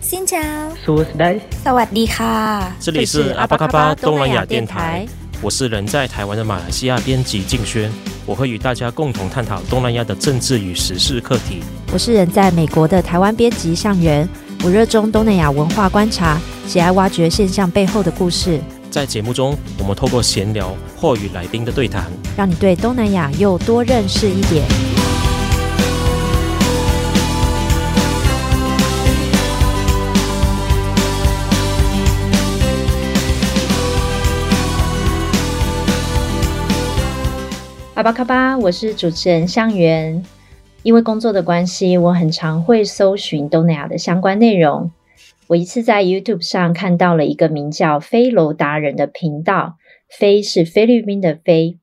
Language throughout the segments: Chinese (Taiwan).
新這裡是阿巴巴東南亞電台，我是人在台灣的馬來西亞編輯靜軒，我會與大家共同探討東南亞的政治與時事課題。我是人在美國的台灣編輯尚元，我熱衷東南亞文化觀察，喜愛挖掘現象背後的故事。在節目中，我們透過閒聊或與來賓的對談，讓你對東南亞又多認識一點。阿峇卡巴，我是主持人向源，因為工作的關係，我很常會搜尋東南亞的相關內容。我一次在 YouTube 上看到了一個名叫“飛樓達人”的頻道，“飛”是菲律賓的“飛”，“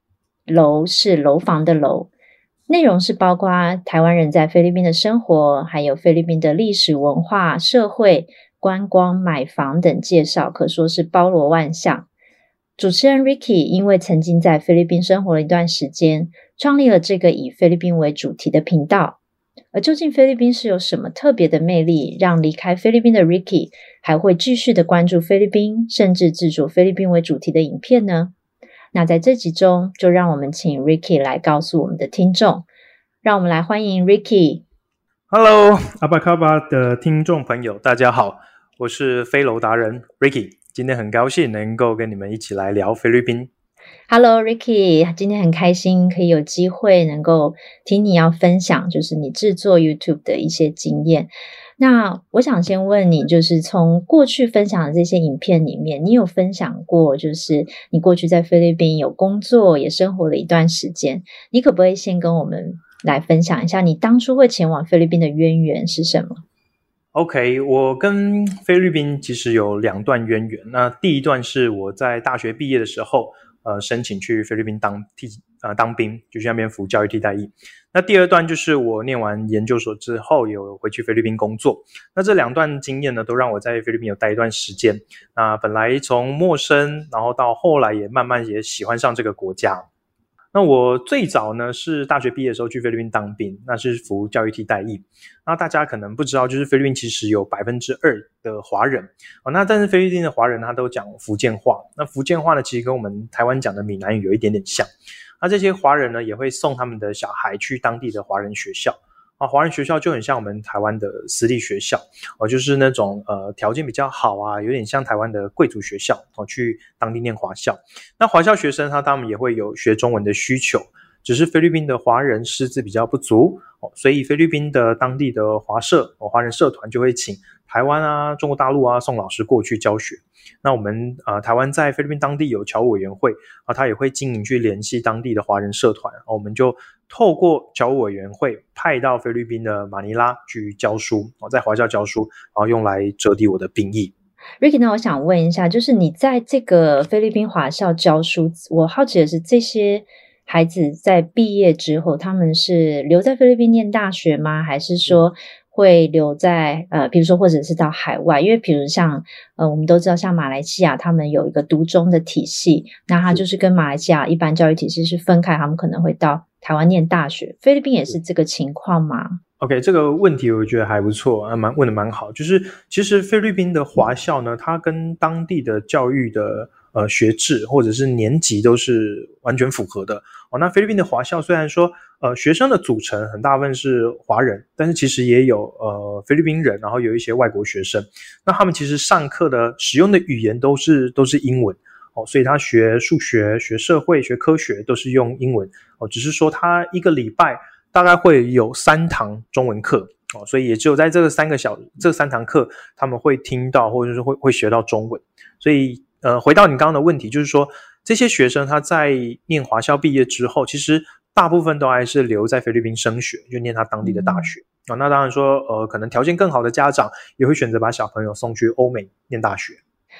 樓”是樓房的“樓”。內容是包括台灣人在菲律賓的生活，還有菲律賓的歷史、文化、社會、觀光、買房等介紹，可說是包羅萬象。主持人 Ricky 因為曾經在菲律賓生活了一段時間，創立了這個以菲律賓為主題的頻道。而究竟菲律賓是有什麼特別的魅力，讓離開菲律賓的 Ricky 還會繼續的關注菲律賓，甚至制作菲律賓為主題的影片呢？那在這集中，就讓我們請 Ricky 來告訴我們的聽眾。讓我們來歡迎 Ricky。Hello，阿峇卡巴的聽眾朋友，大家好，我是菲樓達人 Ricky。今天很高興能夠跟你們一起來聊菲律賓。Hello，Ricky，今天很開心可以有機會能夠聽你要分享，就是你制作 YouTube 的一些經驗。那我想先問你，就是從過去分享的這些影片裡面，你有分享過，就是你過去在菲律賓有工作也生活了一段時間。你可不可以先跟我們來分享一下，你當初會前往菲律賓的淵源是什麼？OK，我跟菲律賓其實有兩段淵源。那第一段是我在大學畢業的時候，呃，申請去菲律賓當替呃當兵，就去那邊服教育替代役。那第二段就是我念完研究所之後，有回去菲律賓工作。那這兩段經驗呢，都讓我在菲律賓有待一段時間。那本來從陌生，然後到後來也慢慢也喜歡上這個國家。那我最早呢，是大學畢業的時候去菲律賓當兵，那是服教育替代役。那大家可能不知道，就是菲律賓其實有百分之二的華人。那但是菲律賓的華人他都講福建話，那福建話呢其實跟我們台灣講的閩南語有一點點像。那這些華人呢也會送他們的小孩去當地的華人學校。啊，華人學校就很像我們台灣的私立學校，哦、啊，就是那種呃條件比較好啊，有點像台灣的貴族學校哦、啊，去當地念華校。那華校學生他他們也會有學中文的需求。只是菲律賓的華人師資比較不足，所以菲律賓的當地的華社哦，華人社團就會請台灣啊、中國大陸啊送老師過去教學。那我們啊、呃，台灣在菲律賓當地有僑務委員會啊，他也會經營去聯繫當地的華人社團、啊、我們就透過僑務委員會派到菲律賓的馬尼拉去教書，在華校教書，然、啊、後用來折抵我的兵役。Ricky，那我想問一下，就是你在這個菲律賓華校教書，我好奇的是這些。孩子在畢業之後，他們是留在菲律賓念大學嗎？還是說會留在呃，比如說，或者是到海外？因為，比如像呃，我們都知道，像馬來西亞，他們有一個獨中的體系，那它就是跟馬來西亞一般教育體系是分開，他們可能會到台灣念大學。菲律賓也是這個情況嗎？OK，這個問題我覺得還不錯啊，蠻，問得蠻好。就是其實菲律賓的華校呢，它跟當地的教育的。呃，學制或者是年級都是完全符合的哦。那菲律賓的華校雖然說，呃，學生的組成很大部分是華人，但是其實也有呃菲律賓人，然後有一些外國學生。那他們其實上課的使用的語言都是都是英文哦，所以他學數學、學社會、學科學都是用英文哦，只是說他一個禮拜大概會有三堂中文課哦，所以也只有在這個三個小這三堂課他們會聽到或者是會會學到中文，所以。呃，回到你剛剛的問題，就是說這些學生他在念華校畢業之後，其實大部分都還是留在菲律賓升學，就念他當地的大學。嗯。哦，那當然說，呃，可能條件更好的家長也會選擇把小朋友送去歐美念大學。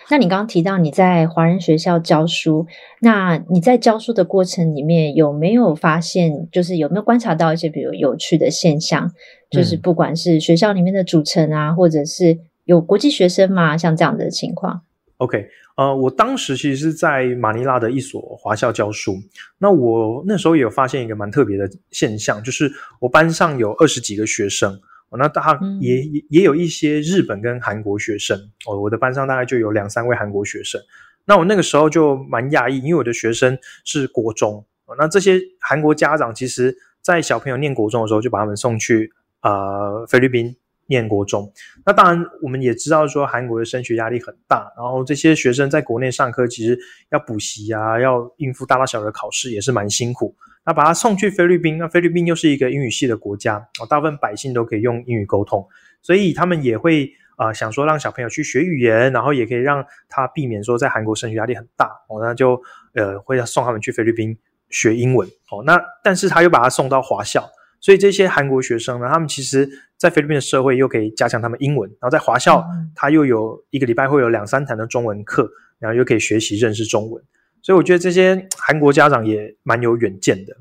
那你剛剛提到你在華人學校教書，那你在教書的過程裡面有沒有發現，就是有沒有觀察到一些比如有趣的現象？嗯。就是不管是學校裡面的組成啊，或者是有國際學生嘛，像這樣的情況。OK，呃，我當時其實是在馬尼拉的一所華校教書。那我那時候也有發現一個蠻特別的現象，就是我班上有二十幾個學生，哦、那大也也、嗯、也有一些日本跟韓國學生。哦，我的班上大概就有兩三位韓國學生。那我那個時候就蠻訝異，因為我的學生是國中、哦，那這些韓國家長其實在小朋友念國中的時候就把他們送去啊、呃、菲律賓。念國中，那當然我們也知道說韓國的升學壓力很大，然後這些學生在國內上課其實要補習啊，要應付大大小小的考試，也是蠻辛苦。那把他送去菲律賓，那菲律賓又是一個英語系的國家，哦，大部分百姓都可以用英語溝通，所以他們也會啊，呃，想說讓小朋友去學語言，然後也可以讓他避免說在韓國升學壓力很大，哦，那就呃會送他們去菲律賓學英文。哦，那但是他又把他送到華校。所以這些韓國學生呢，他們其實在菲律賓的社會又可以加強他們英文，然後在華校他又有一個禮拜會有兩三堂的中文課，然後又可以學習認識中文。所以我覺得這些韓國家長也蠻有遠見的。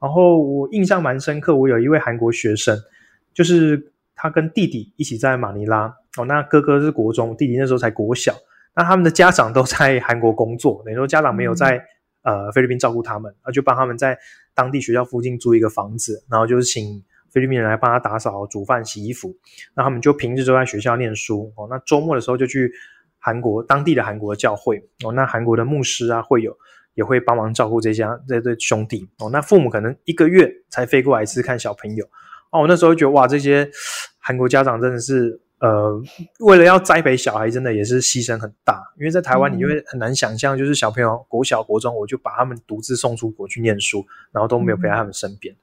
然後我印象蠻深刻，我有一位韓國學生，就是他跟弟弟一起在馬尼拉哦，那哥哥是國中，弟弟那時候才國小。那他們的家長都在韓國工作，等於說家長沒有在、嗯、呃菲律賓照顧他們，啊，就幫他們在當地學校附近租一個房子，然後就是請菲律賓人來幫他打掃、煮飯、洗衣服。那他們就平日都在學校念書哦，那周末的時候就去韓國當地的韓國的教會哦，那韓國的牧師啊、會有也會幫忙照顧這家這對兄弟哦。那父母可能一個月才飛過來一次看小朋友哦。我那時候覺得哇，這些韓國家長真的是。呃，為了要栽培小孩，真的也是犧牲很大。因為在台灣，你會很難想象，就是小朋友、嗯、國小、國中，我就把他們獨自送出國去念書，然後都沒有陪在他們身邊。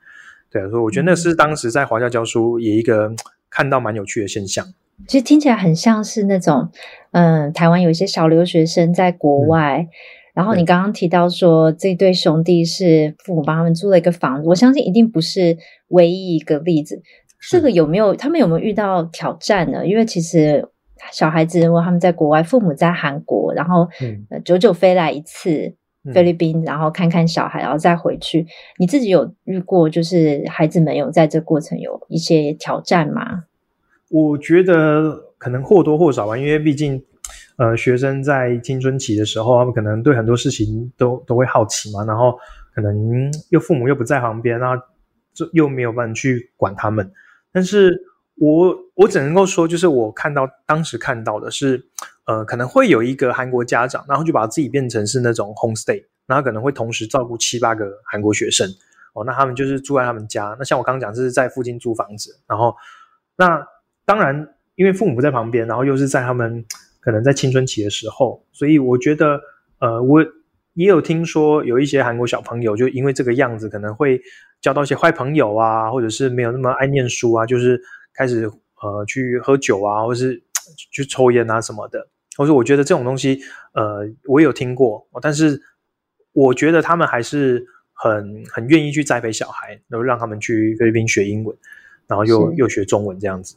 對，所以我覺得那是當時在華教教書也一個看到蠻有趣的現象，嗯。其實聽起來很像是那種，嗯，台灣有一些小留學生在國外。嗯，然後你剛剛提到說，嗯、這對兄弟是父母幫他們租了一個房子，我相信一定不是唯一一個例子。這個有沒有，他們有沒有遇到挑戰呢？因為其實小孩子如果他們在國外，父母在韓國，然後久久飛來一次，嗯，菲律賓，然後看看小孩，然後再回去。你自己有遇過，就是孩子們有在這過程有一些挑戰嗎？我覺得可能或多或少吧，因為畢竟呃，學生在青春期的時候，他們可能對很多事情都都會好奇嘛，然後可能又父母又不在旁邊啊，然後就又沒有辦法去管他們。但是我我只能夠說，就是我看到當時看到的是，呃，可能會有一個韓國家長，然後就把自己變成是那種 home stay，然後可能會同時照顧七八個韓國學生哦，那他們就是住在他們家，那像我剛剛講是在附近租房子，然後那當然因為父母不在旁邊，然後又是在他們可能在青春期的時候，所以我覺得呃我。也有聽說有一些韓國小朋友就因為這個樣子，可能會交到一些壞朋友啊，或者是沒有那麼愛念書啊，就是開始呃去喝酒啊，或者是去，去抽菸啊什麼的。我說，我覺得這種東西，呃，我也有聽過，但是我覺得他們還是很很願意去栽培小孩，然後讓他們去菲律賓學英文，然後又是又學中文這樣子。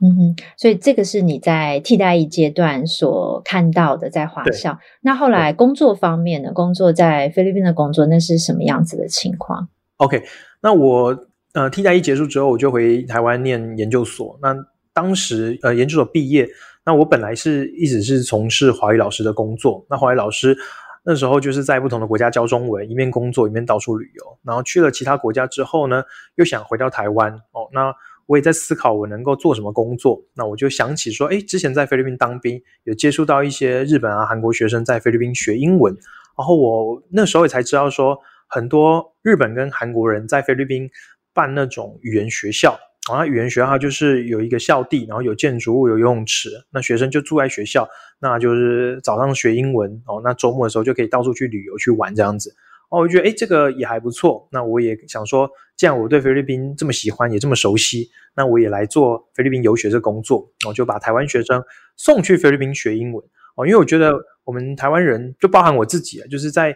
嗯哼，所以這個是你在替代役階段所看到的，在華校。對那後來工作方面呢？對工作在菲律賓的工作，那是什麼樣子的情況？OK，那我呃，替代役結束之後，我就回台灣念研究所。那當時呃，研究所畢業，那我本來是一直是從事華語老師的工作。那華語老師那時候就是在不同的國家教中文，一面工作一面到處旅遊。然後去了其他國家之後呢，又想回到台灣哦，那。我也在思考我能夠做什麼工作，那我就想起說，哎，之前在菲律賓當兵，有接觸到一些日本啊、韓國學生在菲律賓學英文，然後我那時候也才知道說，很多日本跟韓國人在菲律賓辦那種語言學校啊，然後語言學校就是有一個校地，然後有建築物、有游泳池，那學生就住在學校，那就是早上學英文哦，那週末的時候就可以到處去旅遊去玩這樣子。哦，我覺得誒這個也還不錯。那我也想說，既然我對菲律賓這麼喜歡，也這麼熟悉，那我也來做菲律賓遊學這工作。我、哦、就把台灣學生送去菲律賓學英文。哦，因為我覺得我們台灣人，嗯、就包含我自己就是在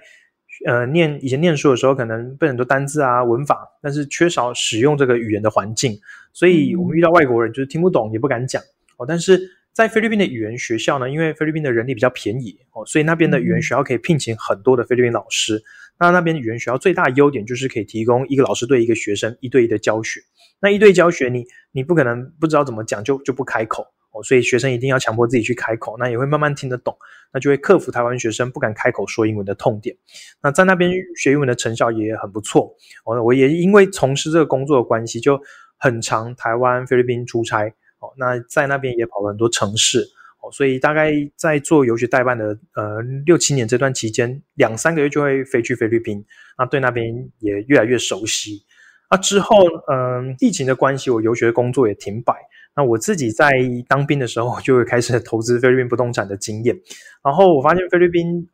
呃念以前念書的時候，可能背很多單字啊、文法，但是缺少使用這個語言的環境，所以我們遇到外國人就是聽不懂，也不敢講。哦，但是。在菲律賓的語言學校呢，因為菲律賓的人力比較便宜哦，所以那邊的語言學校可以聘請很多的菲律賓老師。那那邊的語言學校最大優點就是可以提供一個老師對一個學生一對一的教學。那一對教學你，你你不可能不知道怎麼講就就不開口哦，所以學生一定要強迫自己去開口，那也會慢慢聽得懂，那就會克服台灣學生不敢開口說英文的痛點。那在那邊學英文的成效也很不錯，哦，我我也因為從事這個工作的關係，就很常台灣菲律賓出差。哦，那在那邊也跑了很多城市，哦，所以大概在做遊學代辦的呃六七年這段期間，兩三個月就會飛去菲律賓，啊，對那邊也越來越熟悉。啊，之後嗯、呃，疫情的關係，我遊學的工作也停擺。那我自己在當兵的時候，就會開始投資菲律賓不動產的經驗。然後我發現菲律賓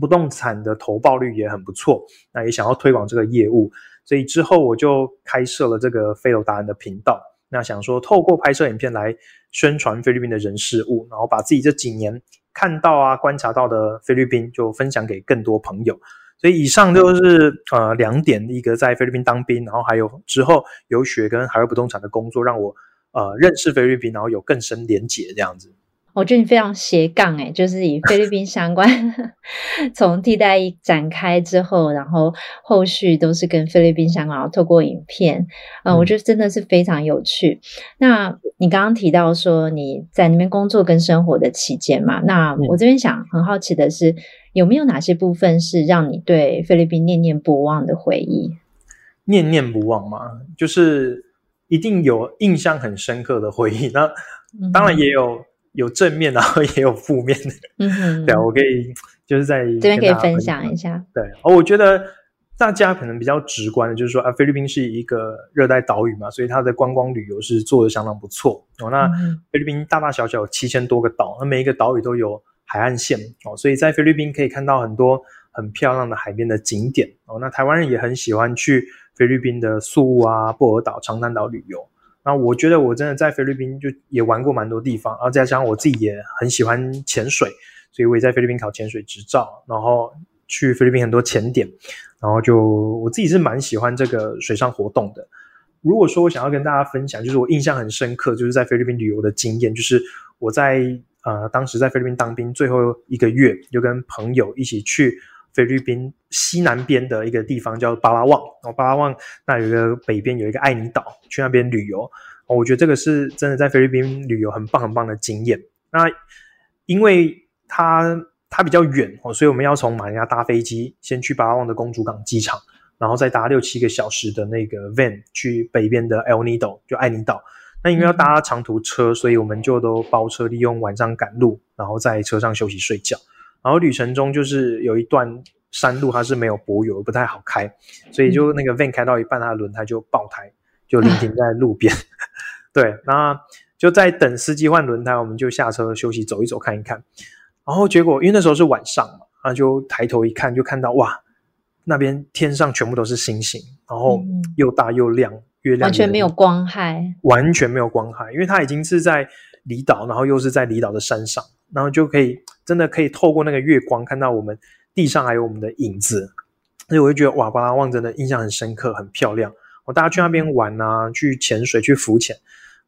不動產的投報率也很不錯，那也想要推廣這個業務，所以之後我就開設了這個菲樓達人」的頻道。那想說透過拍攝影片來宣傳菲律賓的人事物，然後把自己這幾年看到啊、觀察到的菲律賓就分享給更多朋友。所以以上就是呃兩點：一個在菲律賓當兵，然後還有之後遊學跟海外不動產的工作，讓我呃認識菲律賓，然後有更深連結這樣子。我覺得你非常斜槓哎、欸，就是以菲律賓相關 從替代役展開之後，然後後續都是跟菲律賓相關，然後透過影片，嗯、呃，我覺得真的是非常有趣。嗯、那你剛剛提到說你在那邊工作跟生活的期間嘛，那我這邊想很好奇的是，嗯、有沒有哪些部分是讓你對菲律賓念念不忘的回憶？念念不忘嘛，就是一定有印象很深刻的回憶，那當然也有、嗯。有正面，然後也有負面的、嗯哼，嗯 對、啊、我可以就是在這邊可以分享一下，對，我覺得大家可能比較直觀的就是說啊，菲律賓是一個熱帶島嶼嘛，所以它的觀光旅遊是做得相當不錯哦。那菲律賓大大小小有七千多個島，那每一個島嶼都有海岸線哦，所以在菲律賓可以看到很多很漂亮的海邊的景點哦。那台灣人也很喜歡去菲律賓的宿務啊、薄荷島、長灘島旅遊。那、啊、我覺得我真的在菲律賓就也玩過蠻多地方，然、啊、後再加上我自己也很喜歡潛水，所以我也在菲律賓考潛水執照，然後去菲律賓很多潛點，然後就我自己是蠻喜歡這個水上活動的。如果說我想要跟大家分享，就是我印象很深刻，就是在菲律賓旅游的經驗，就是我在呃當時在菲律賓當兵最後一個月，就跟朋友一起去。菲律賓西南邊的一個地方叫巴拉旺，哦，巴拉旺那有個北邊有一個愛尼島，去那邊旅遊，哦，我覺得這個是真的在菲律賓旅遊很棒很棒的經驗。那因為它它比較遠哦，所以我們要從馬尼拉搭飛機先去巴拉望的公主港機場，然後再搭六七個小時的那個 van 去北邊的 El Nido 就愛尼島。那因為要搭長途車，所以我們就都包車，利用晚上趕路，然後在車上休息睡覺。然後旅程中就是有一段山路，它是沒有柏油，不太好開，所以就那個 van 開到一半，它的輪胎就爆胎，嗯、就停停在路邊。啊、 對，那就在等司機換輪胎，我們就下車休息，走一走，看一看。然後結果因為那時候是晚上嘛，那就抬頭一看，就看到哇，那邊天上全部都是星星，然後又大又亮，嗯、月亮完全沒有光害，完全沒有光害，因為它已經是在離島，然後又是在離島的山上。然後就可以真的可以透過那個月光看到我們地上還有我們的影子，所以我就覺得哇，巴拉望真的印象很深刻，很漂亮。我、哦、大家去那邊玩啊，去潛水去浮潛，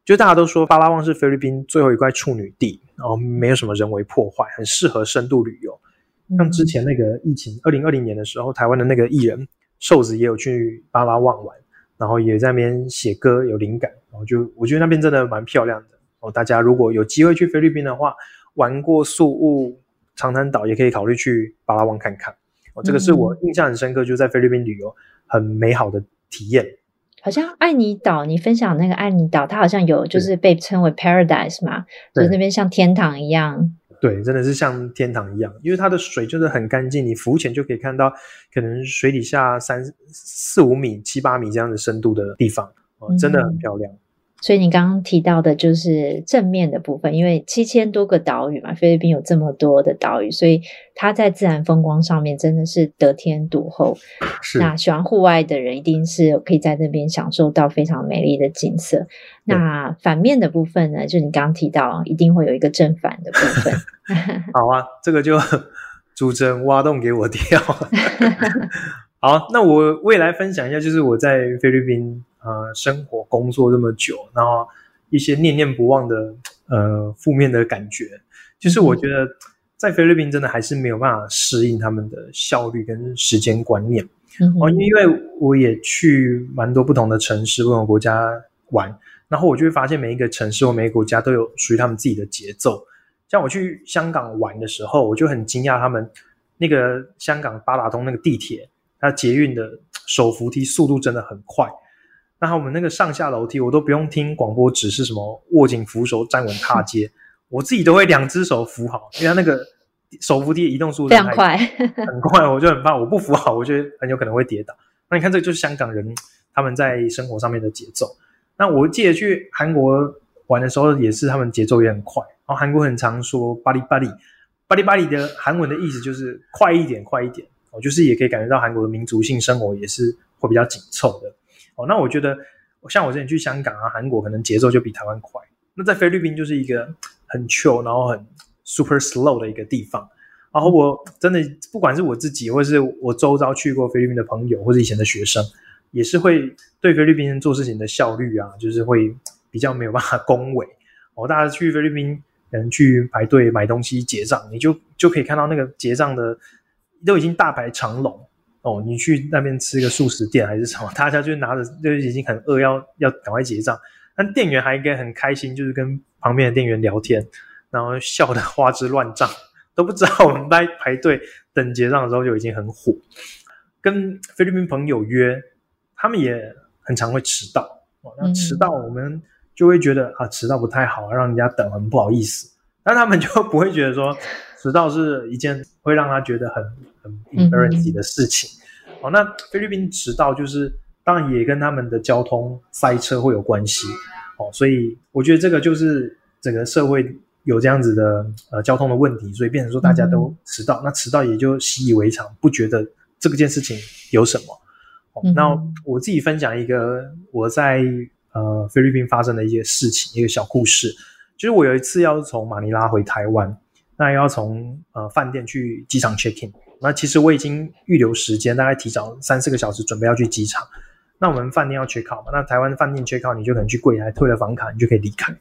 就大家都說巴拉望是菲律賓最後一塊處女地，然後沒有什麼人為破壞，很適合深度旅遊。像之前那個疫情二零二零年的時候，台灣的那個藝人瘦子也有去巴拉望玩，然後也在那邊寫歌有靈感，然後就我覺得那邊真的蠻漂亮的。哦，大家如果有機會去菲律賓的話，玩過宿霧、長灘島，也可以考慮去巴拉望看看。哦，這個是我印象很深刻，就是在菲律賓旅遊很美好的體驗。嗯，好像愛尼島，你分享那個愛尼島，它好像有就是被稱為 paradise 嘛，對就是那邊像天堂一樣。對，真的是像天堂一樣，因為它的水真的很乾淨，你浮潛就可以看到可能水底下三四五米、七八米這樣的深度的地方，哦，真的很漂亮。嗯所以你剛剛提到的就是正面的部分，因為七千多個島嶼嘛，菲律賓有這麼多的島嶼，所以它在自然風光上面真的是得天獨厚。是。那喜歡戶外的人，一定是可以在那邊享受到非常美麗的景色。對那反面的部分呢？就你剛剛提到，一定會有一個正反的部分。 好啊，這個就主持人挖洞給我跳。 好，那我未來分享一下，就是我在菲律賓。呃，生活工作這麼久，然後一些念念不忘的呃負面的感覺，就是我覺得在菲律賓真的還是沒有辦法適應他們的效率跟時間觀念。哦、嗯哼，因為我也去蠻多不同的城市、不同的國家玩，然後我就會發現每一個城市或每一個國家都有屬於他們自己的節奏。像我去香港玩的時候，我就很驚訝他們那個香港八達通那個地鐵，它捷運的手扶梯速度真的很快。那我們那個上下樓梯，我都不用聽廣播指示什麼，握緊扶手，站穩踏階， 我自己都會兩隻手扶好，因為他那個手扶梯的移動速度很快，非常快， 我就很怕，我不扶好，我覺得很有可能會跌倒。那你看，這就是香港人他們在生活上面的節奏。那我記得去韓國玩的時候，也是他們節奏也很快，然後韓國很常說“巴里巴里，巴里巴里”的韓文的意思就是快一點，快一點。我就是也可以感覺到韓國的民族性生活也是會比較緊湊的。哦，那我覺得，像我之前去香港啊、韓國，可能節奏就比台灣快。那在菲律賓就是一個很 chill，然後很 super slow 的一個地方。然後我真的，不管是我自己，或是我周遭去過菲律賓的朋友，或是以前的學生，也是會對菲律賓人做事情的效率啊，就是會比較沒有辦法恭維。哦，大家去菲律賓，可能去排隊買東西結賬，你就就可以看到那個結賬的都已經大排長龍。哦，你去那邊吃個素食店還是什麼？大家就拿着，就已經很餓，要要趕快結賬。但店員還應該很開心，就是跟旁邊的店員聊天，然後笑得花枝亂顫，都不知道我們在排隊等結賬的時候就已經很火。跟菲律賓朋友約，他們也很常會遲到。哦，那遲到我們就會覺得啊，遲到不太好，讓人家等很不好意思。但他們就不會覺得說。遲到是一件會讓他覺得很很 embarrassing 的事情。好、嗯嗯哦，那菲律賓遲到就是當然也跟他們的交通塞車會有關係。哦，所以我覺得這個就是整個社會有這樣子的呃交通的問題，所以變成說大家都遲到，嗯、那遲到也就習以為常，不覺得這個件事情有什麼。哦，嗯嗯那我自己分享一個我在呃菲律賓發生的一些事情，一個小故事，就是我有一次要從馬尼拉回台灣。那要從呃飯店去機場 check in，那其實我已經預留時間，大概提早三四個小時準備要去機場。那我們飯店要 check out 嘛？那台灣的飯店 check out，你就可能去櫃台退了房卡，你就可以離開。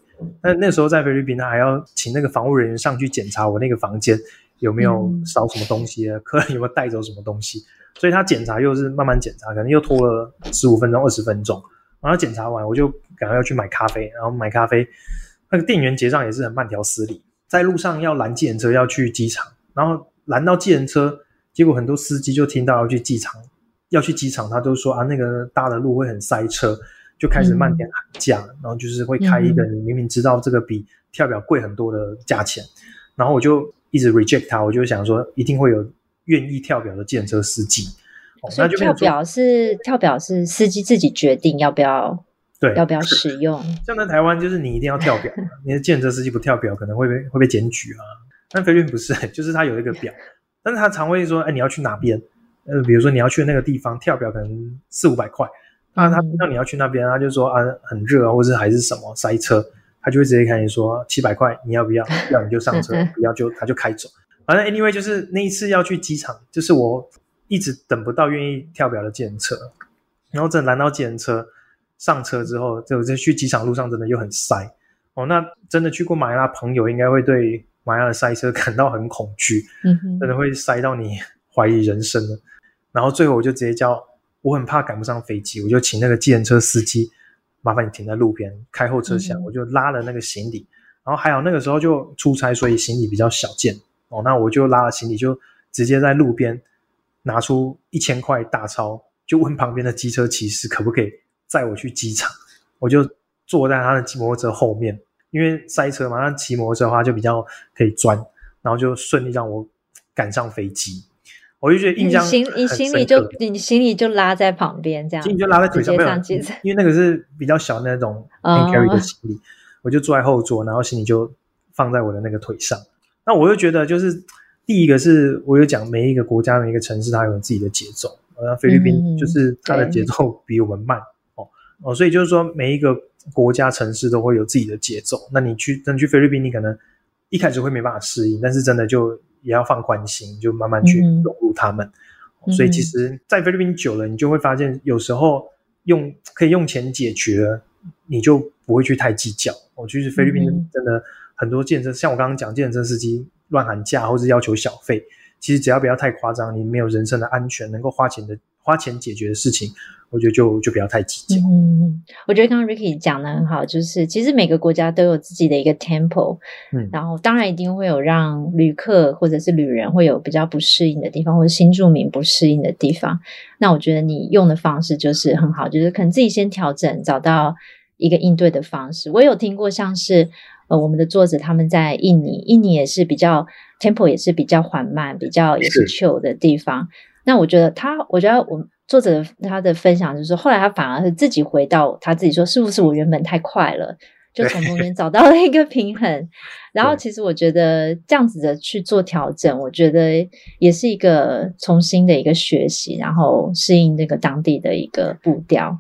那那時候在菲律賓呢，還要請那個房務人員上去檢查我那個房間有沒有少什麼東西，嗯、客人有沒有帶走什麼東西。所以他檢查又是慢慢檢查，可能又拖了十五分鐘、二十分鐘。然後檢查完，我就趕快要去買咖啡。然後買咖啡，那個店員結賬也是很慢條斯理。在路上要攔計程車要去機場，然後攔到計程車，結果很多司機就聽到要去機場，要去機場，他都說啊，那個大的路會很塞車，就開始漫天喊價，嗯、然後就是會開一個你明明知道這個比跳表貴很多的價錢，嗯、然後我就一直 reject 他，我就想說一定會有願意跳表的計程車司機，哦、所以，那就變成說，跳表是跳表是司機自己決定要不要，對，要不要使用？像在台灣，就是你一定要跳表，啊， 你的計程車司機不跳表，可能會被會被檢舉啊。但菲律賓不是，就是他有一個表，但是他常會說，哎，欸，你要去哪邊？呃，比如說你要去那個地方，跳表可能四五百塊。那，啊嗯，他知道你要去那邊，他就說啊，很熱啊，或者還是什麼塞車，他就會直接開始說七百塊，你要不要？要你就上車， 不要就他就開走。反正， 啊，anyway，就是那一次要去機場，就是我一直等不到願意跳表的計程車，然後等攔到計程車。上車之後，就就去機場路上真的又很塞哦。那真的去過馬尼拉朋友，應該會對馬尼拉的塞車感到很恐懼，嗯哼，真的會塞到你懷疑人生了。然後最後我就直接叫，我很怕趕不上飛機，我就請那個計程車司機，麻煩你停在路邊，開後車廂，嗯、我就拉了那個行李。然後還好那個時候就出差，所以行李比較小件哦。那我就拉了行李，就直接在路邊拿出一千塊大鈔，就問旁邊的機車騎士可不可以。.載我去機場，我就坐在他的摩托車後面，因為塞車嘛，他騎摩托車的話就比較可以鑽，然後就順利讓我趕上飛機。我就覺得印象行，你行李就你行李就拉在旁邊，這樣行李就拉在腿上，上機，沒有因為那個是比較小的那種 carry 的行李，哦，我就坐在後座，然後行李就放在我的那個腿上。那我就覺得，就是第一個是我有講，每一個國家，每一個城市，它有自己的節奏，然後菲律賓就是它的節奏比我們慢。嗯哦，所以就是說，每一個國家、城市都會有自己的節奏。那你去，真去菲律賓，你可能一開始會沒辦法適應，但是真的就也要放寬心，就慢慢去融入他們。嗯嗯，所以，其實，在菲律賓久了，你就會發現，有時候用可以用錢解決，你就不會去太計較。我、哦、就是菲律賓真的很多健身，嗯嗯，像我剛剛講健身司機亂喊價，或是要求小費，其實只要不要太誇張，你沒有人身的安全，能夠花錢的。花錢解決的事情，我覺得就就不要太計較。嗯，我覺得剛剛 Ricky 講得很好，就是其實每個國家都有自己的一個 tempo，嗯，然後當然一定會有讓旅客或者是旅人會有比較不適應的地方，或者新住民不適應的地方。那我覺得你用的方式就是很好，就是可能自己先調整，找到一個應對的方式。我有聽過像是呃我們的作者他們在印尼，印尼也是比較是 tempo 也是比較緩慢，比較也是 chill 的地方。那我覺得他，我覺得我作者他的分享就是說，後來他反而是自己回到他自己說，是不是我原本太快了，就從中間找到了一個平衡。 然後其實我覺得這樣子的去做調整，對我覺得也是一個重新的一個學習，然後適應那個當地的一個步調。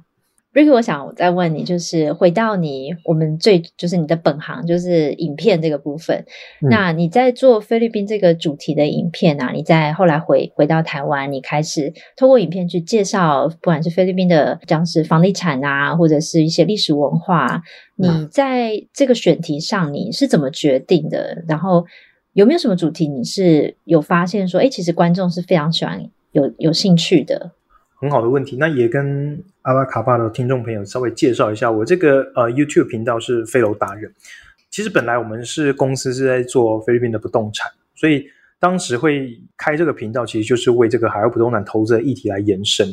Ricky，我想我再問你，就是回到你我們最就是你的本行，就是影片這個部分。嗯、那你在做菲律賓這個主題的影片啊，你在後來回回到台灣，你開始透過影片去介紹，不管是菲律賓的像是房地產啊，或者是一些歷史文化，嗯、你在這個選題上你是怎麼決定的？然後有沒有什麼主題你是有發現說，哎，其實觀眾是非常喜歡有有興趣的？很好的問題，那也跟阿峇卡巴的聽眾朋友稍微介紹一下，我這個呃 YouTube 頻道是菲樓達人。其實本來我們是公司是在做菲律賓的不動產，所以當時會開這個頻道，其實就是為這個海外不動產投資的議題來延伸。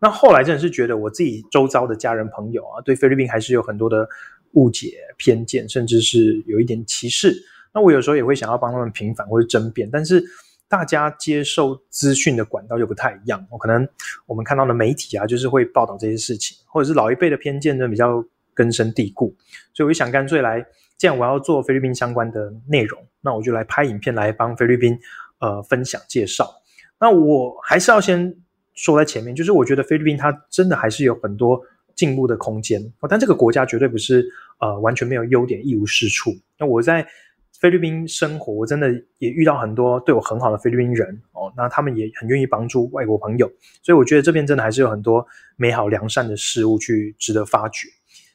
那後來真的是覺得我自己周遭的家人朋友啊，對菲律賓還是有很多的誤解、偏見，甚至是有一點歧視。那我有時候也會想要幫他們平反或者爭辯，但是。大家接受資訊的管道就不太一樣，我可能我們看到的媒體啊，就是會報道這些事情，或者是老一輩的偏見呢比較根深蒂固，所以我就想乾脆來，既然我要做菲律賓相關的內容，那我就來拍影片來幫菲律賓，呃，分享介紹。那我還是要先說在前面，就是我覺得菲律賓它真的還是有很多進步的空間，但這個國家絕對不是，呃，完全沒有優點，一無是處。那我在。菲律賓生活，我真的也遇到很多對我很好的菲律賓人哦，那他們也很願意幫助外國朋友，所以我覺得這邊真的還是有很多美好良善的事物去值得發掘。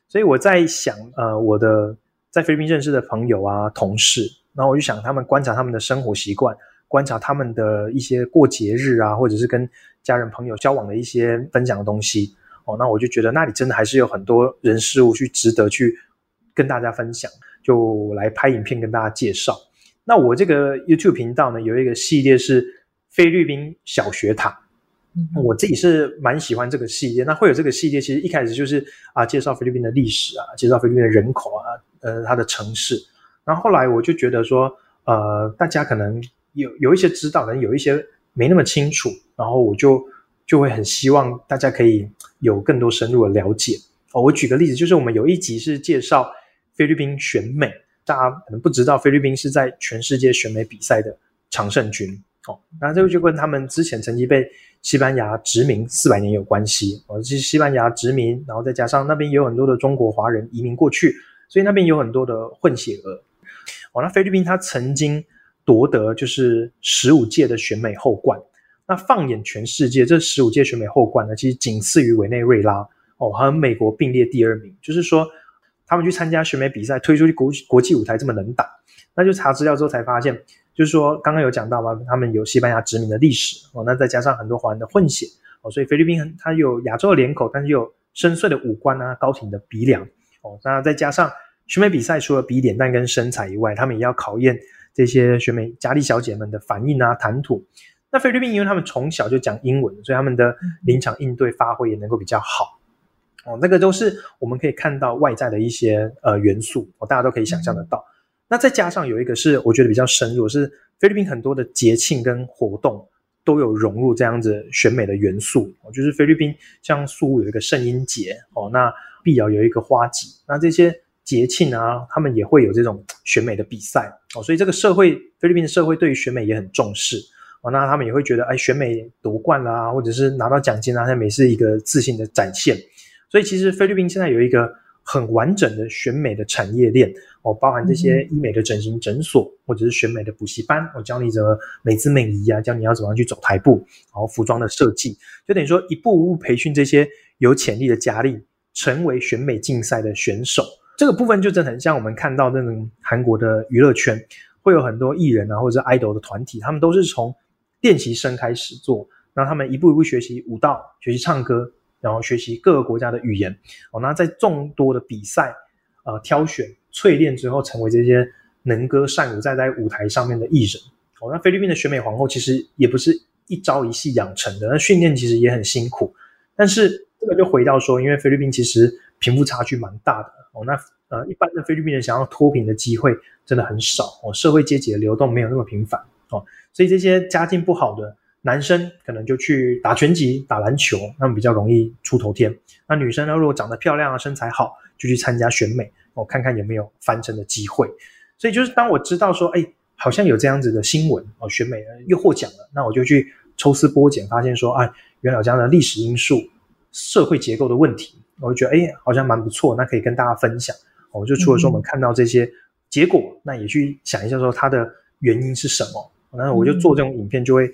所以我在想，呃，我的在菲律賓認識的朋友啊、同事，然後我就想他們觀察他們的生活習慣，觀察他們的一些過節日啊，或者是跟家人朋友交往的一些分享的東西哦，那我就覺得那裡真的還是有很多人事物去值得去跟大家分享。就來拍影片，跟大家介紹。那我這個 YouTube 頻道呢，有一個系列是菲律賓小學堂，我自己是蠻喜歡這個系列。那會有這個系列，其實一開始就是啊，介紹菲律賓的歷史啊，介紹菲律賓的人口啊，呃，它的城市然後後來我就覺得說，呃，大家可能有有一些知道，可能有一些沒那麼清楚，然後我就就會很希望大家可以有更多深入的了解哦。我舉個例子，就是我們有一集是介紹。菲律賓選美，大家可能不知道，菲律賓是在全世界選美比賽的常勝軍。哦，那這個就跟他們之前曾經被西班牙殖民四百年有關係哦，其實西班牙殖民，然後再加上那邊有很多的中國華人移民過去，所以那邊有很多的混血兒。哦，那菲律賓他曾經奪得就是十五屆的選美後冠。那放眼全世界，這十五屆選美後冠呢，其實僅次於委內瑞拉哦，和美國並列第二名。就是說。他們去參加選美比賽，推出去國國際舞台這麼能打，那就查資料之後才發現，就是說剛剛有講到嘛，他們有西班牙殖民的歷史哦，那再加上很多華人的混血哦，所以菲律賓很，他有亞洲的臉孔，但是又有深邃的五官啊，高挺的鼻梁哦，那再加上選美比賽除了比臉蛋跟身材以外，他們也要考驗這些選美佳麗小姐們的反應啊、談吐。那菲律賓因為他們從小就講英文，所以他們的臨場應對發揮也能夠比較好。哦，那個都是我們可以看到外在的一些呃元素，哦，大家都可以想象得到。那再加上有一個是我覺得比較深入，是菲律賓很多的節慶跟活動都有融入這樣子選美的元素，哦，就是菲律賓像宿務有一個聖嬰節，哦，那碧瑤有一個花季，那這些節慶啊，他們也會有這種選美的比賽，哦，所以這個社會，菲律賓的社會對於選美也很重視，哦，那他們也會覺得，哎，選美奪冠啦、啊，或者是拿到獎金啦、啊，那美是一個自信的展現。所以其實菲律賓現在有一個很完整的選美的產業鏈哦，包含這些醫美的整形診所，或者是選美的補習班，我、哦、教你怎麼美姿美儀啊，教你要怎麼樣去走台步，然後服裝的設計，就等於說一步一步培訓這些有潛力的佳麗成為選美競賽的選手。這個部分就真的很像我們看到那種韓國的娛樂圈，會有很多藝人啊，或者是 idol 的團體，他們都是從練習生開始做，讓他們一步一步學習舞蹈，學習唱歌。然後學習各個國家的語言，哦，那在眾多的比賽，呃，挑選、淬煉之後，成為這些能歌善舞、站在舞台上面的藝人，哦，那菲律賓的選美皇後其實也不是一朝一夕養成的，那訓練其實也很辛苦。但是這個就回到說，因為菲律賓其實貧富差距蠻大的，哦，那呃，一般的菲律賓人想要脫貧的機會真的很少，哦，社會階級的流動沒有那麼頻繁，哦，所以這些家境不好的。男生可能就去打拳擊、打籃球，那麼比較容易出頭天。那女生呢，如果長得漂亮啊、身材好，就去參加選美我、哦、看看有沒有翻成的機會。所以就是當我知道說，哎、欸，好像有這樣子的新聞哦，選美又獲獎了，那我就去抽絲剝繭，發現說，哎，袁老家的歷史因素、社會結構的問題，我就覺得，哎、欸，好像蠻不錯，那可以跟大家分享。我就除了說我們看到這些結果，嗯、那也去想一下說它的原因是什麼。那我就做這種影片就會。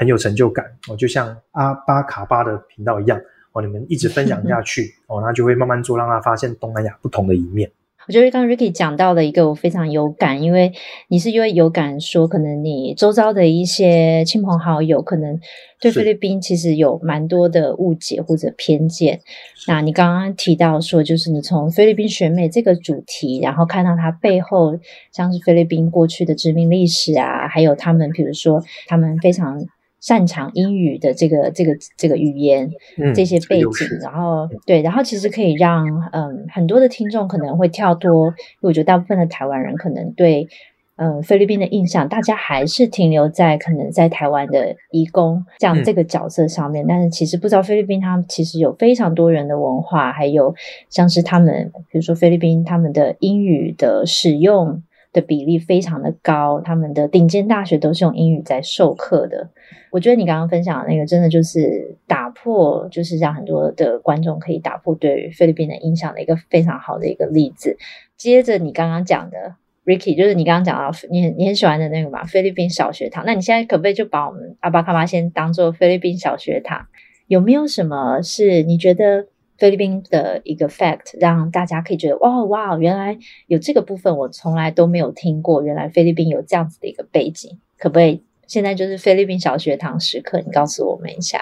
很有成就感。我就像阿巴卡巴的頻道一樣哦，你們一直分享下去哦，那 就會慢慢做，讓他發現東南亞不同的一面。我覺得剛剛 Ricky 講到的一個我非常有感，因為你是因為有感說，可能你周遭的一些親朋好友，可能對菲律賓其實有蠻多的誤解或者偏見。是那你剛剛提到說，就是你從菲律賓選美這個主題，然後看到它背後像是菲律賓過去的殖民歷史啊，還有他們，比如說他們非常。擅長英語的這個這個這個語言這些背景，嗯就是、然後對，然後其實可以讓嗯很多的聽眾可能會跳脫，因為我覺得大部分的台灣人可能對嗯菲律賓的印象，大家還是停留在可能在台灣的移工這樣這個角色上面，嗯、但是其實不知道菲律賓他們其實有非常多元的文化，還有像是他們比如說菲律賓他們的英語的使用的比例非常的高，他們的頂尖大學都是用英語在授課的。我覺得你剛剛分享的那個，真的就是打破，就是讓很多的觀眾可以打破對於菲律賓的印象的一個非常好的一個例子。接着你剛剛講的，Ricky，就是你剛剛講到你很你很喜歡的那個嘛，菲律賓小學堂。那你現在可不可以就把我們阿峇卡巴先當做菲律賓小學堂？有沒有什麼是你覺得？菲律賓的一個 fact，讓大家可以覺得哇哇，原來有這個部分，我從來都沒有聽過。原來菲律賓有這樣子的一個背景，可不可以？現在就是菲律賓小學堂時刻，你告訴我們一下。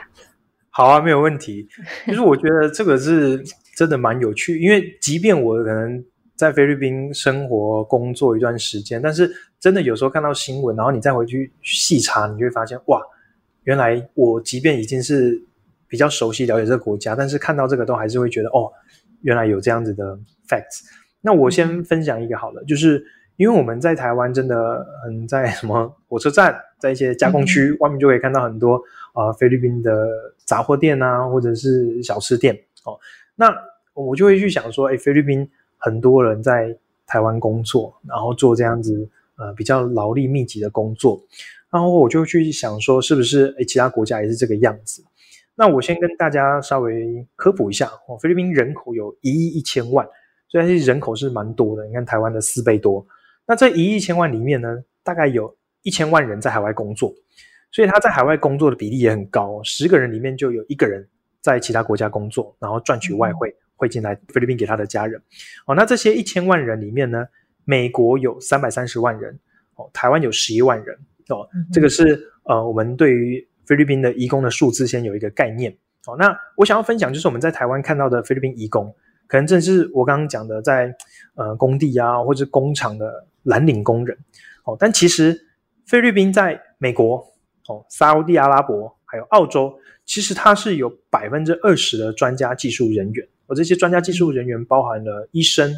好啊，沒有問題。其實我覺得這個是真的蠻有趣， 因為即便我可能在菲律賓生活工作一段時間，但是真的有時候看到新聞，然後你再回去細查，你就會發現哇，原來我即便已經是。比較熟悉了解這個國家，但是看到這個都還是會覺得哦，原來有這樣子的 facts。那我先分享一個好了，就是因為我們在台灣真的，嗯，在什麼火車站、在一些加工區外面就可以看到很多啊、呃、菲律賓的雜貨店啊，或者是小吃店哦。那我就會去想說，哎、欸，菲律賓很多人在台灣工作，然後做這樣子呃比較勞力密集的工作，然後我就會去想說，是不是哎、欸、其他國家也是這個樣子？那我先跟大家稍微科普一下哦，菲律賓人口有一億一千萬，所以是人口是蠻多的。你看台灣的四倍多。那這一億一千萬裡面呢，大概有一千萬人在海外工作，所以他在海外工作的比例也很高，十個人裡面就有一個人在其他國家工作，然後賺取外匯匯進來菲律賓給他的家人。哦，那這些一千萬人裡面呢，美國有三百三十萬人，哦，台灣有十一萬人，哦，這個是呃我們對於。菲律賓的移工的數字，先有一個概念。那我想要分享，就是我們在台灣看到的菲律賓移工，可能正是我剛剛講的，在呃工地啊，或者工廠的藍領工人哦。但其實菲律賓在美國、哦沙烏地阿拉伯還有澳洲，其實它是有百分之二十的專家技術人員。哦，這些專家技術人員包含了醫生、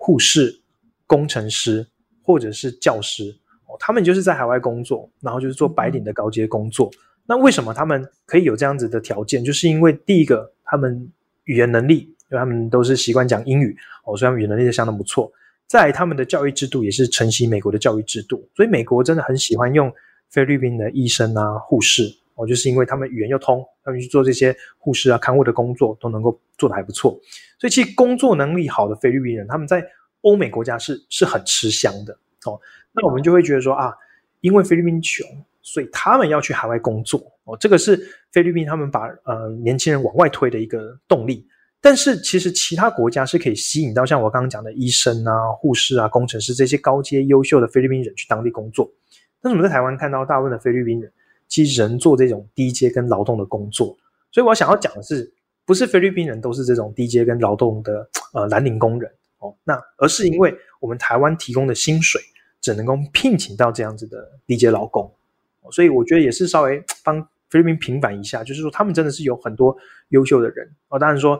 護士、工程師或者是教師哦，他們就是在海外工作，然後就是做白領的高階工作。那為什麼他們可以有這樣子的條件？就是因為第一個，他們語言能力，因為他們都是習慣講英語哦，所以他們語言能力就相當不錯。再來，他們的教育制度也是承襲美國的教育制度，所以美國真的很喜歡用菲律賓的醫生啊、護士哦，就是因為他們語言又通，他們去做這些護士啊、看護的工作都能夠做得還不錯。所以其實工作能力好的菲律賓人，他們在歐美國家是是很吃香的哦。那我們就會覺得說啊，因為菲律賓窮。所以他們要去海外工作哦，這個是菲律賓他們把呃年輕人往外推的一個動力。但是其實其他國家是可以吸引到像我剛剛講的醫生啊、護士啊、工程師這些高階優秀的菲律賓人去當地工作。但是我們在台灣看到大部分的菲律賓人，其實人做這種低階跟勞動的工作。所以我要想要講的是，不是菲律賓人都是這種低階跟勞動的呃藍領工人哦，那而是因為我們台灣提供的薪水，只能夠聘請到這樣子的低階勞工。所以我覺得也是稍微幫菲律賓平反一下，就是說他們真的是有很多優秀的人哦。當然說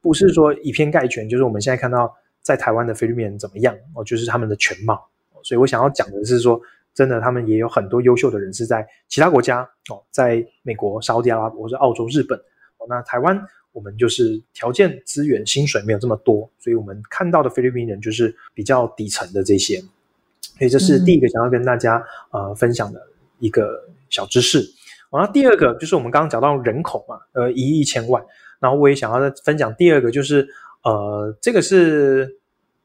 不是說以偏概全，嗯、就是我們現在看到在台灣的菲律賓人怎麼樣哦，就是他們的全貌。所以我想要講的是說，真的他們也有很多優秀的人是在其他國家哦，在美國、沙烏地阿拉伯或者是澳洲、日本哦。那台灣我們就是條件、資源、薪水沒有這麼多，所以我們看到的菲律賓人就是比較底層的這些。所以這是第一個想要跟大家、嗯、呃分享的。一個小知識，然後，哦，第二個就是我們剛剛講到人口嘛，呃，一億一千萬。然後我也想要再分享第二個，就是呃，這個是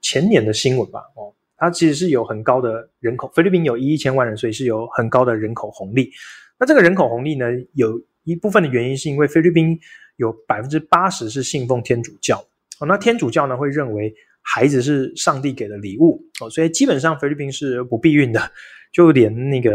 前年的新聞吧，哦，它其實是有很高的人口。菲律賓有一億千萬人，所以是有很高的人口紅利。那這個人口紅利呢，有一部分的原因是因為菲律賓有百分之八十是信奉天主教，哦，那天主教呢會認為孩子是上帝給的禮物，哦，所以基本上菲律賓是不避孕的，就連那個。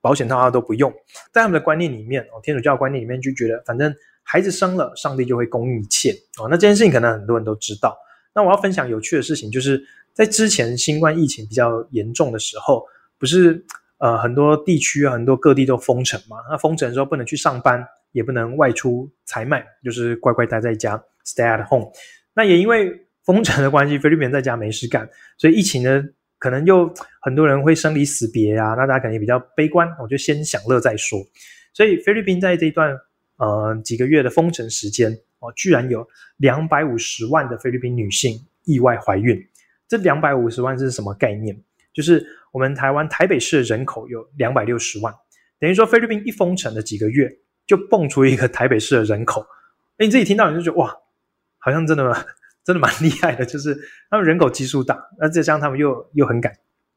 保險套他都不用，在他們的觀念裡面哦，天主教的觀念裡面就覺得，反正孩子生了，上帝就會供應一切哦。那這件事情可能很多人都知道。那我要分享有趣的事情，就是在之前新冠疫情比較嚴重的時候，不是呃很多地區啊，很多各地都封城嘛。那封城的時候不能去上班，也不能外出採買，就是乖乖待在家，stay at home。那也因為封城的關係，菲律賓在家沒事幹，所以疫情呢。可能又很多人會生離死別啊，那大家可能也比較悲觀，我就先享樂再說。所以菲律賓在這一段呃幾個月的封城時間哦，居然有兩百五十萬的菲律賓女性意外懷孕。這兩百五十萬是什麼概念？就是我們台灣台北市的人口有兩百六十萬，等於說菲律賓一封城的幾個月就蹦出一個台北市的人口。誒你自己聽到你就覺得哇，好像真的嗎？真的蠻厲害的，就是他們人口基數大，那這樣他們又又很敢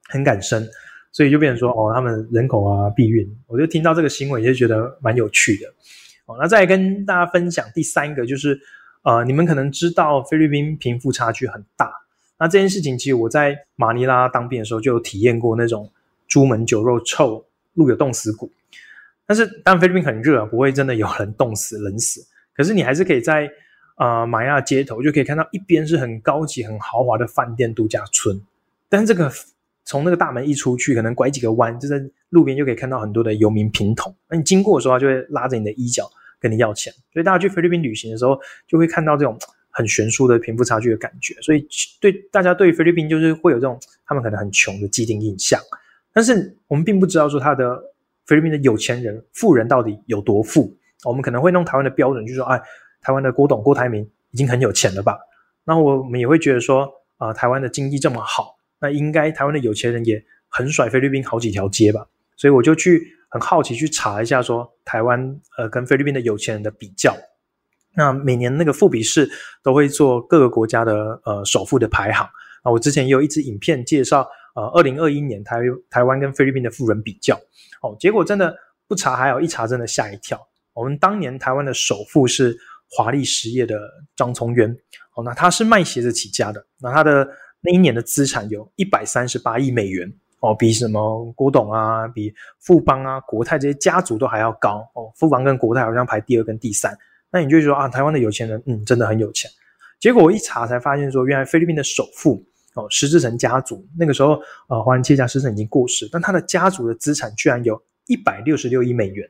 很敢生，所以就變成說哦，他們人口啊，避孕。我就聽到這個新聞，就覺得蠻有趣的。哦，那再來跟大家分享第三個，就是呃，你們可能知道菲律賓貧富差距很大。那這件事情，其實我在馬尼拉當兵的時候就體驗過那種朱門酒肉臭，路有凍死骨。但是，當菲律賓很熱，不會真的有人凍死冷死。可是，你還是可以在啊，馬亞街頭就可以看到一邊是很高級、很豪華的飯店度假村，但這個從那個大門一出去，可能拐幾個彎，就在路邊就可以看到很多的遊民貧童。那你經過的時候，就會拉着你的衣角跟你要錢。所以大家去菲律賓旅行的時候，就會看到這種很懸殊的貧富差距的感覺。所以對大家對菲律賓就是會有這種他們可能很窮的既定印象。但是我們並不知道說他的菲律賓的有錢人、富人到底有多富。我們可能會弄台灣的標準，就是說哎、啊。台灣的郭董郭台銘已經很有錢了吧？那我們也會覺得說，啊、呃，台灣的經濟這麼好，那應該台灣的有錢人也很甩菲律賓好幾條街吧？所以我就去很好奇去查一下說，說台灣呃跟菲律賓的有錢人的比較。那每年那個富比士都會做各個國家的呃首富的排行啊。那我之前也有一支影片介紹，呃，二零二一年台台灣跟菲律賓的富人比較哦，結果真的不查還好，一查真的嚇一跳。我們當年台灣的首富是。華麗實業的張聰淵，哦，那他是賣鞋子起家的，那他的那一年的資產有一百三十八億美元，哦，比什麼郭董啊、比富邦啊、國泰這些家族都還要高，哦，富邦跟國泰好像排第二跟第三，那你就覺得啊，台灣的有錢人，嗯，真的很有錢。結果我一查才發現說，說原來菲律賓的首富，哦，施至成家族，那個時候，呃、哦，華人企業家施至成已經過世，但他的家族的資產居然有一百六十六億美元。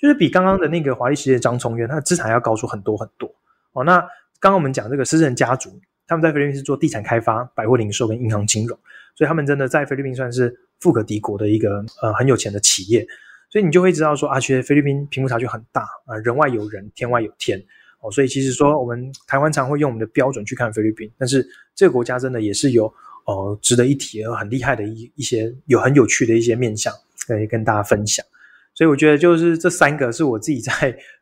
就是比剛剛的那個華利實業張聰淵，他的資產要高出很多很多哦。那剛剛我們講這個施氏家族，他們在菲律賓是做地產開發、百貨零售跟銀行金融，所以他們真的在菲律賓算是富可敵國的一個呃、很有錢的企業。所以你就會知道說啊，其實菲律賓貧富差距很大啊、呃，人外有人，天外有天哦。所以其實說，我們台灣常會用我們的標準去看菲律賓，但是這個國家真的也是有哦、呃、值得一提、很厲害的一一些有很有趣的一些面向可以跟大家分享。所以我覺得就是這三個是我自己在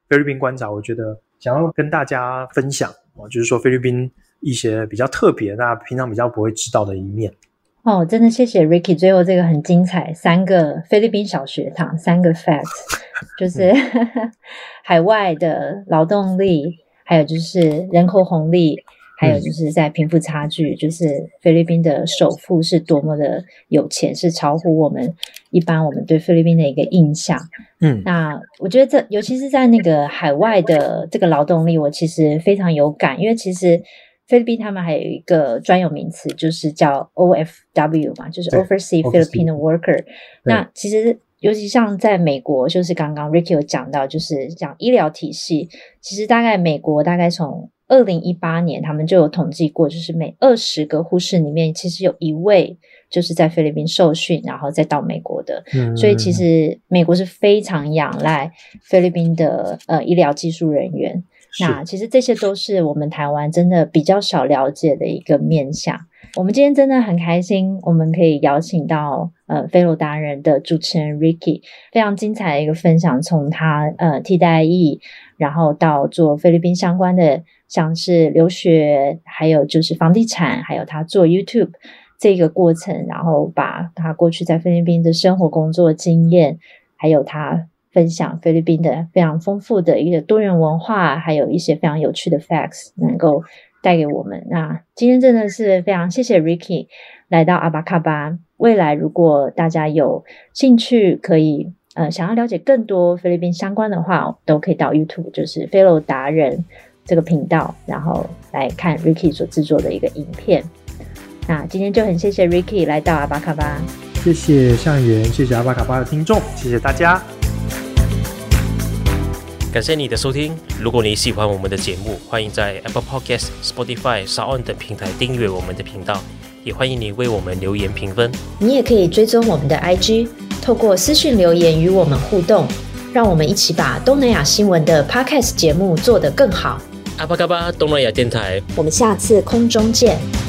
菲律賓觀察，我覺得想要跟大家分享，就是說菲律賓一些比較特別，那平常比較不會知道的一面。哦，真的謝謝 Ricky，最後這個很精彩，三個菲律賓小學堂，三個 fact，就是、 嗯、 海外的勞動力，還有就是人口紅利。還有就是在貧富差距，就是菲律賓的首富是多麼的有錢，是超乎我們一般我們對菲律賓的一個印象。嗯，那我覺得這，尤其是在那個海外的這個勞動力，我其實非常有感，因為其實菲律賓他們還有一個專有名詞，就是叫 OFW 嘛，就是 Overseas Filipino Worker。那其實，尤其像在美國，就是剛剛 Ricky 有講到，就是講醫療體系，其實大概美國大概從二零一八年，他們就有統計過，就是每二十個護士裡面，其實有一位就是在菲律賓受訓，然後再到美國的。所以其實美國是非常仰賴菲律賓的呃醫療技術人員。是那其實這些都是我們台灣真的比較少了解的一個面向。我們今天真的很開心，我們可以邀請到呃菲樓達人的主持人 Ricky，非常精彩的一個分享，從他呃替代役，然後到做菲律賓相關的。像是留學，還有就是房地產，還有他做 YouTube 這個過程，然後把他過去在菲律賓的生活工作經驗，還有他分享菲律賓的非常豐富的一個多元文化，還有一些非常有趣的 facts 能夠帶給我們。那今天真的是非常謝謝 Ricky 來到阿峇卡巴。未來如果大家有興趣，可以呃想要了解更多菲律賓相關的話，都可以到 YouTube，就是菲樓達人。這個頻道，然後來看 Ricky 所製作的一個影片。那今天就很謝謝 Ricky 來到阿峇卡巴，謝謝向遠，謝謝阿峇卡巴的聽眾，謝謝大家。感謝你的收聽。如果你喜歡我們的節目，歡迎在 Apple Podcast、Spotify、SoundOn 等平台訂閱我們的頻道，也歡迎你為我們留言評分。你也可以追蹤我們的 IG，透過私訊留言與我們互動，讓我們一起把東南亞新聞的 Podcast 節目做得更好。阿峇卡巴東南亞電台，我們下次空中見。